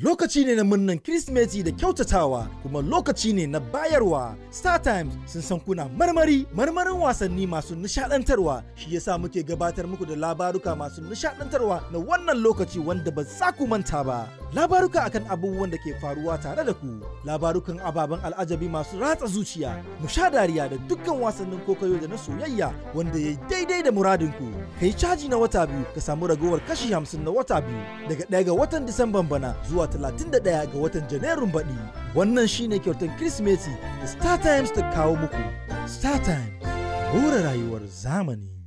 Lokaci ne na murnan Kirsimeti da kyautatawa kuma lokaci ne na bayarwa. Star Times sun san kuna marmari, marmarin wasanni masu nishadantarwa shi yasa muke gabatar muku da labaruka masu nishadantarwa na wannan lokaci wanda ba za ku manta ba. labaruka akan abubuwan da ke faruwa tare da ku labarukan ababen al'ajabi masu ratsa zuciya mu sha dariya da dukkan wasannin kokayo da na soyayya wanda ya daidai da muradin ku kai caji na wata biyu ka samu ragowar kashi hamsin na wata biyu daga ɗaya ga watan disamban bana zuwa talatin da ɗaya ga watan janairun baɗi wannan shine kyautar kirsimeti da star times ta kawo muku star times rayuwar zamani